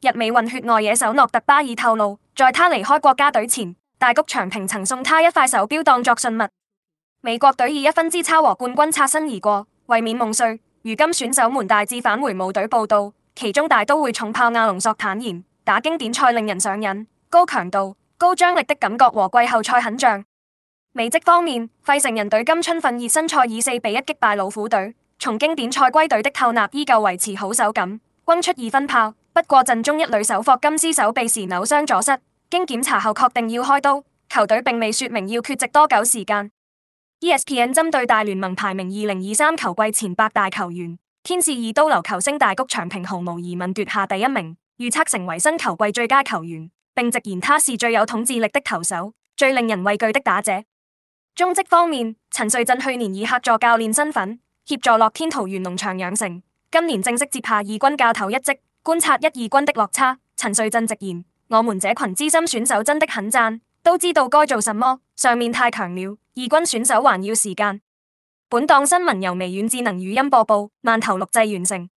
日美混血外野手諾特巴爾透露，在他離開國家隊前，大谷翔平曾送他一塊手錶當作信物。美國隊以一分之差和冠軍擦身而過，為免夢碎，如今選手們大致返回母隊報到。其中大都會重炮亞龍索坦言，打經典賽令人上癮，高強度、高張力的感覺和季後賽很像。美職方面，費城人隊今春份熱身賽以四比一擊敗老虎隊，從經典賽歸隊的透納依舊維持好手感，轟出二分炮。不過陣中一女手霍金斯手臂時扭傷左膝，經檢查後確定要開刀，球隊並未說明要缺席多久時間。ESPN 針對大聯盟排名二零二三球季前百大球員，天使二刀流球星大谷翔平毫無疑問奪下第一名，預測成為新球季最佳球員，並直言他是最有統治力的投手，最令人畏懼的打者。中職方面，陳瑞振去年以客座教練身份協助樂天桃園農場養成，今年正式接下二軍教頭一職。觀察一、二軍的落差，陳瑞振直言：我們這群資深選手真的很讚，都知道該做什麼。上面太強了，二軍選手還要時間。本檔新聞由微軟智能語音播報，慢頭錄製完成。